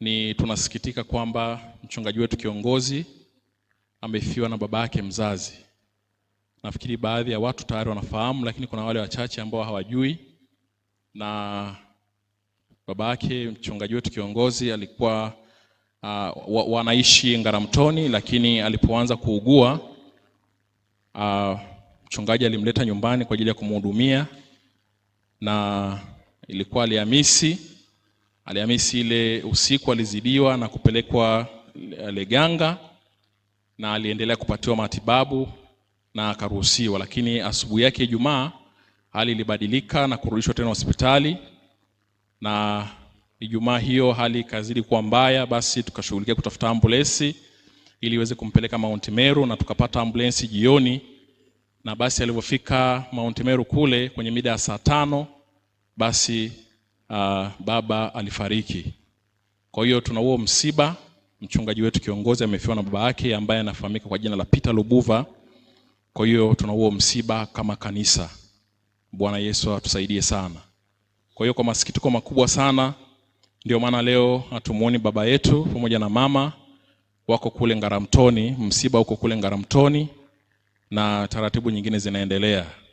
ni tunasikitika kwamba mchungaji wetu kiongozi amefiwa na baba yake mzazi. Nafikiri baadhi ya watu tayari wanafahamu, lakini kuna wale wachache ambao hawajui. Na baba yake mchungaji wetu kiongozi alikuwa uh, wanaishi Ngaramtoni, lakini alipoanza kuugua uh, mchungaji alimleta nyumbani kwa ajili ya kumhudumia, na ilikuwa Alhamisi Alhamisi ile usiku alizidiwa na kupelekwa Leganga na aliendelea kupatiwa matibabu na akaruhusiwa, lakini asubuhi yake Ijumaa hali ilibadilika na kurudishwa tena hospitali, na Ijumaa hiyo hali ikazidi kuwa mbaya, basi tukashughulikia kutafuta ambulensi ili iweze kumpeleka Mount Meru na tukapata ambulensi jioni, na basi alivyofika Mount Meru kule kwenye mida ya saa tano basi uh, baba alifariki. Kwa hiyo tuna huo msiba, mchungaji wetu kiongozi amefiwa na baba yake ambaye anafahamika kwa jina la Peter Lubuva. Kwa hiyo tuna huo msiba kama kanisa. Bwana Yesu atusaidie sana. Kwa hiyo kwa masikitiko makubwa sana ndio maana leo hatumuoni baba yetu pamoja na mama wako kule Ngaramtoni, msiba uko kule Ngaramtoni na taratibu nyingine zinaendelea.